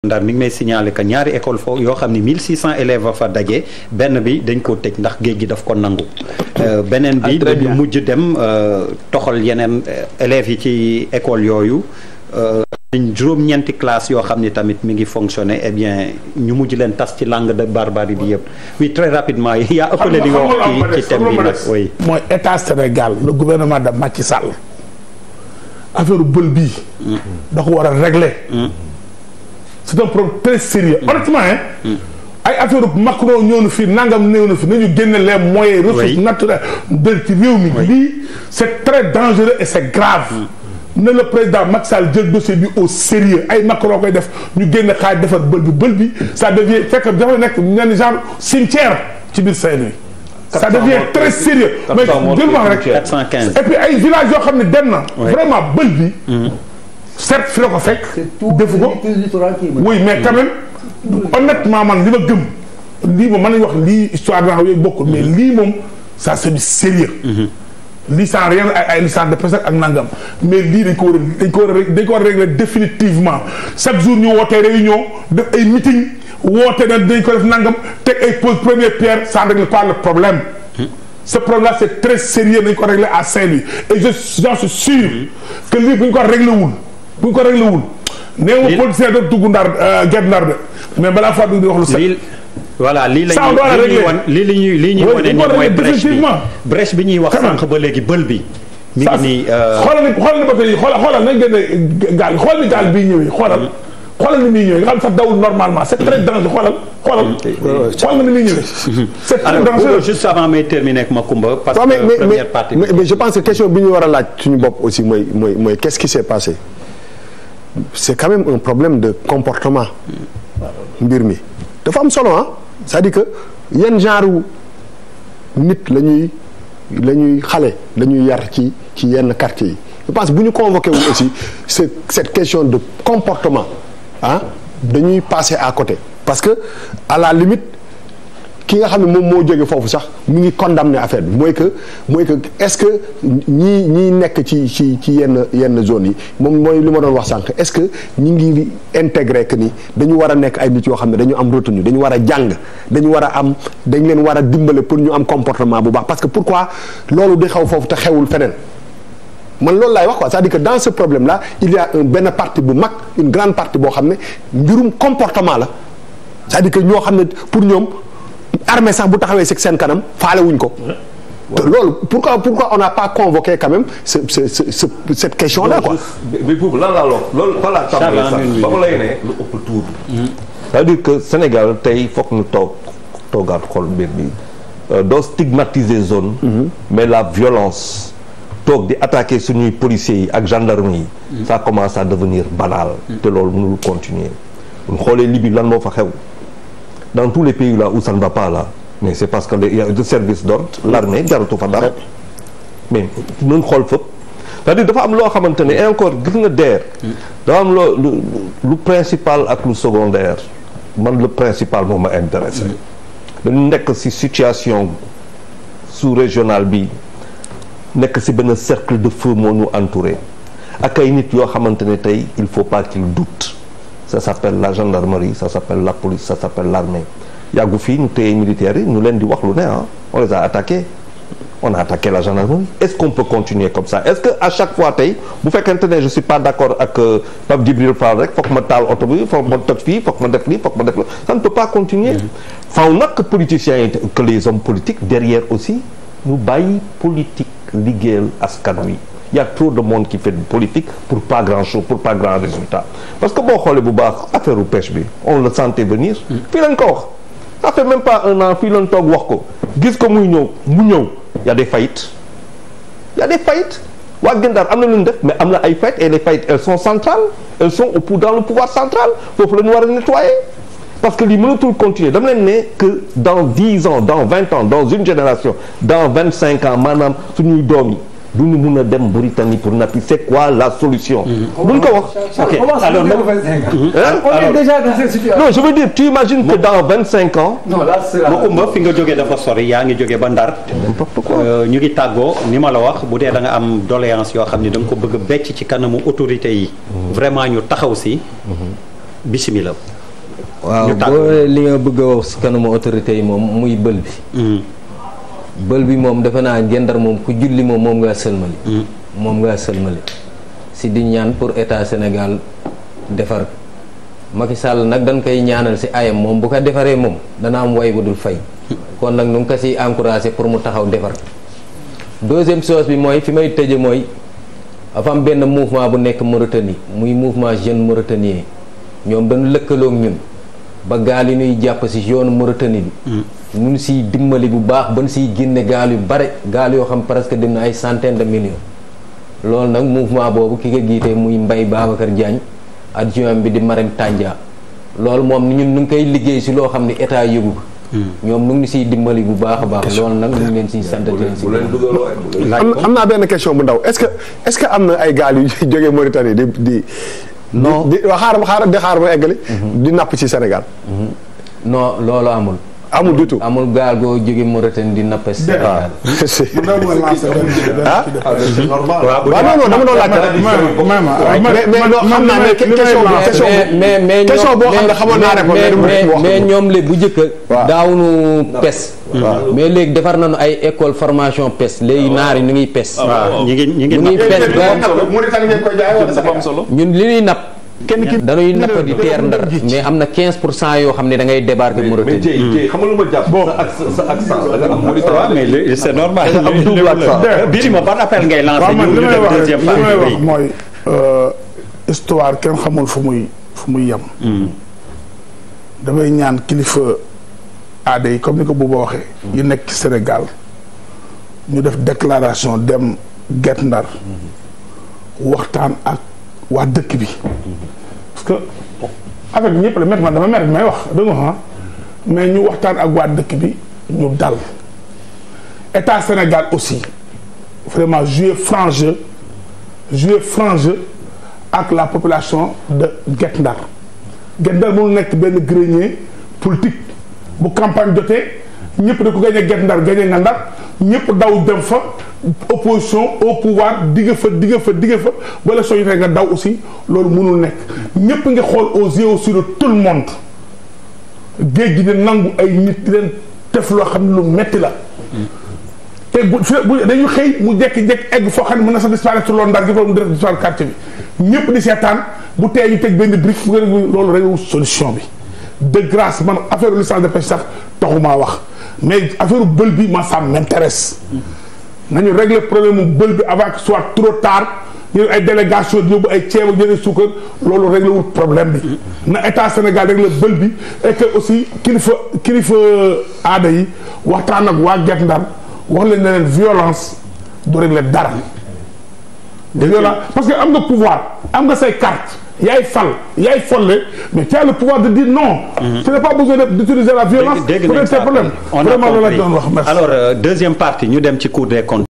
ndax mi ngi may signaler que ñaari école foofu yoo xam ne 1600 fa daje benn bi dañ koo tëj ndax géej gi daf ko nangu ah, euh, beneen bi dañu mujj dem euh, toxal yeneen euh, élèves yi ci école yooyu dañ juróom-ñeenti classe yoo xam ne tamit mu ngi fonctionner eh bien ñu mujj leen tas ci langue de barbarie bi yëpp oui très rapidement yaa ëppale li nga wax ci ci bi nag mooy état Sénégal le gouvernement de Macky Sall affaire bël bii mm. da ko war a régler mm. c' est un problème très sérieux mm. honnêtement hein. Mm. ay affaire Macron ñëw na fi nangam néew na fi nañu génne les moyens ressources naturelles de ci réew mi lii c' est très dangereux et c' est grave mm. ne le président Macky Sall jël dossier bi au sérieux ay Macron koy def ñu génn xaaj defar bël bi bël bi ça devient fekk dafa nekk ñenn genre cimetière ci biir Saint-Louis ça devient très sérieux mais jël wax rek et puis ay village yoo xam ne dem na vraiment bël bi certes fi la ko fekk. defu ko oui mais quand même honnêtement man li ma gëm. lii moom mën nañu wax lii histoire bi nga xam ne mais mm-hmm. lii moom sa c'est du sérieux mm-hmm. lii sans rien ay licence de presse ak nangam mais lii dañ ko war a dañ ko war a dañ ko war régler définitivement chaque jour ñu woote réunion def ay meeting woote na dañ ko def nangam teg ay pose première pierre ça ne règle pas le problème mm-hmm. ce problème-là c'est très sérieux dañ ko régler à Saint-Louis et je j'en suis sûr que lii bu ñu ko bu ñu ko réglé wul. néew ma politicien doon dugg ndar euh, gerte ndar de mais balaa Fadou di wax lu set. voilà lii la ñuy lii la ñuy lii ñuy wane nii mooy brèche bi brèche bi ñuy wax sànq ba léegi bël bi. mi ngi nii euh, xoolal ni xoolal ni bato yi xoolal xoolal nañ génne gaal xool ni gaal bii ñëwee xoolal. xoolal ni muy ñëwee nga xam sax dawul normalement c'est très dangereux xoolal xoolal. Mm, eh, xool nga ni muy ñëwee. c'est très dangereux juste avant may terminer ak Macoumba. parce que première partie mais mais je pense que question bi ñu war a laaj suñu bopp aussi mooy mooy mooy qu'est-ce qui s'est passé. c'est quand même un problème de comportement mbir mi dafa am solo ah cest dire que yan genre wu nit la ñuy la ñuy xale la ñuy yar ci ci yenn quartier yi je pense bu ñu convoqué wu aussi c'est cette question de comportement ah dañuy passer à côté parce que à la limite ki nga xam ne moom moo jóge foofu sax mu ngi condamné affaire bi mooy que mooy que est-ce que ñii ñiy nekk ci ci yenn yenn zone yi moom mooy li ma doon wax sànq est-ce que ñi ngi intégré que ni dañu war a nekk ay nit yoo xam ne dañu am retenue dañu war a jàng dañu war a am dañ leen war a dimbale pour ñu am comportement bu baax parce que pourquoi loolu di xaw foofu te xewul feneen man loolu laay wax quoi cest di dire dans ce problème là il y un benn partie bu mag une grande partie boo xam ne mbirum comportement la cest ñoo xam ne pour ñoom armée sax bu taxawee si seen kanam faale wuñ ko. te loolu pourquoi pourquoi on n'a pas convoqué quand cette question là quoi. mais boobu lan laa lor loolu. balaa tàmbalee sax ba hmm. que Sénégal tey foog ñu toog toogaat xol mbir bi euh, doo stigmatiser zone. Mhm. mais la violence. toog di attaquer suñuy policiers yi ak gendarmes yi. Hmm. ça commence à devenir banal. Hmm. te loolu mënul continuer. bu ñu xoolee Libye lan moo fa xew. dans tous les pays là où ça ne va pas là mais c'est parce que il y a des services d'ordre l'armée jaratu fa dara mais nun xool fëpp c'est-à-dire dafa am loo xamante ne encore gis nga DER dafa am loo lu principal ak lu secondaire man le principal moom ma intéressé dañu nekk ci situation sous-régionale bi nekk ci benn cercle de feu moo ñu entouré ak ay nit yoo xamante ne tey il faut pas qu'il doute ça s'appelle la gendarmerie ça s'appelle la police ça s'appelle l'armée yàggu fii ñu téye militaires yi ñu leen di wax lu ne ah on les a attaqués on a attaqué la gendarmerie est-ce qu'on peut continuer comme ça est-ce que à chaque fois tey bu fekkente ne je suis pas d'accord ak euh, Pape Djibril Fall rek foog ma taal oto bi foog ma toj fii foog ma def lii foog ma def la ça ne peut pas continuer mm-hmm. faw nag que politiciens yi que les hommes politiques derrière aussi ñu bàyyi politique liggéeyal askan wi il y a trop de monde qui fait de politique pour pas grand chose pour pas grand résultat parce que boo xoolee bu baax affaire u pêche bi on le sentait venir fii lañ ko wax ça fait même pas un an fii lañ toog wax ko gis ko muy ñëw mu ñëw y a des faillites y a des faillites waa Gendar am na lu ñu def mais am na ay faillites et les faillites elles sont centrales elles sont au dans le pouvoir central foofu la ñu war a nettoyer parce que lii mënatul continuer dama leen ne que dans dix ans vingt ans dans une génération dans vingt cinq ans suñuy doom yi du ñu mun a dem Mauritanie pour nappi c'est quoi la solution. buñ mm-hmm. ko wax ok alors même hmm? on est déjà dans vingt cinq ans. non la Macoumba fi nga jógee dafa sori yaa ngi jógee ba Ndar. n'importe quoi euh, ñu ngi tàggoo ni ma la wax bu dee danga am doléance yoo xam ne danga ko bëgg a becc ci kanamu autorité yi. Hmm. vraiment ñu taxaw si. Hmm. bisimilah. ñu tàggoo waaw boo li nga bëgg a si kanamu autorité yi moom muy bël bi. bël bi moom defe naa gendar moom ku julli moom moom ngaa sëlmali mm. moom ngaa sëlmali si di ñaan pour état Sénégal defar Macky Sall nag dañ koy ñaanal si ayam moom bu ko defaree moom dana am way bu dul fay kon nag nu ngi ko si encouragé pour mu taxaw defar deuxième chose bi mooy fi may tëje mooy dafa am benn mouvement bu nekk Mauritanie muy mouvement jeune mauritanien ñoom dañu lëkkalook ñun ba gaal yi nuy jàpp si yoonu Mauritanie bi mm. ñu siy dimbali bu baax ban siy génne gaal yu bare gaal yoo xam presque dem na ay centaine de millions loolu nag mouvement boobu ki nga giitee muy Mbaye Babacar Diagne adjoint bi di Marème Tandia loolu moom ñun ñu ngi koy liggéey si loo xam ne état yëgu ko hmm. ñoom ñu ngi siy dimbali bu baax a baax. loolu nag ñu ngi leen siy sant leen si. am naa benn question bu ndaw est-ce que est-ce que am na ay gaal yu jógee Mauritanie di di. non di xaaral xaaral di xaaral ba eggali. Hmm. di napp ci Sénégal. Hmm. non amul. amul du amul gaal goo jóge Mauritanie di nappe Sénégal. ah c'est normal. mais mais ñoom léegi bu njëkk a. daawuñu pes. mais léegi defar na nañu ay école formation pes léegi naar yi nu ngi pes. ñu ngi pes ba. ñun napp. kenn ki dañuy napp di teer ndar mais am na 15 pour cent yoo xam ne da ngay débarquer Mauritanie. xam nga lu ma jàpp. bon sa sa accent da nga am Mauritanie. waaw normal. wax mooy euh, histoire kenn xamul fu muy fu muy yem. Hmm. damay ñaan kilifa aada yi comme ni ko Bouba waxee. Hmm. yi nekk ci Sénégal ñu def déclaration dem Guet Ndar hmm. waxtaan ak. waa dëkk bi parce que avec ñëpp la met man dama mer may wax dëgg nga ah. mais ñu waxtaan ak waa dëkk bi ñu dal état Sénégal aussi vraiment jouer franc jeu jouer ak la population de Guet Ndar Guet Ndar mënul nekk benn grenier politique bu campagne jotee ñëpp da ko gañe Guet Ndar gañe nga Ndar ñëpp daw dem fa opposition au pouvoir digg fa digg fa digg fa wala soo fee nga daw aussi loolu mënul nekk ñëpp nga xool aux yeux sur de tout le monde géej gi ne nangu ay nit di leen def loo xam ne lu metti la. te bu bu dañu xëy mu jékki-jékki egg foo xam ne mun na sax disparaître loolu ndar gi wala mu def disparaître quartier bi ñëpp di seetaan bu tee ñu teg benn brique loolu rek solution bi de grâce man affaire licence de pêche sax taxumaa wax. mais affaire bël bi ma ça m'intéresse nañu régler problème mu bël bi avant soit trop tard ñu ay délégation yóbbu ay ceeb ak yeneen suukar loolu réglé problème bi na état Sénégal réglé bël bi et aussi kilifa kilifa aada yi waxtaan ak waa Guet Ndar wax leen ne leen violence du réglé dara. violence parce que am nga pouvoir am nga say carte yaay fal yaay folle mais tu as le pouvoir de dire non. Mhm. tu n'as pas besoin d'utiliser la violence. pour problème la euh, deuxième partie ñu dem ci cour des comptes.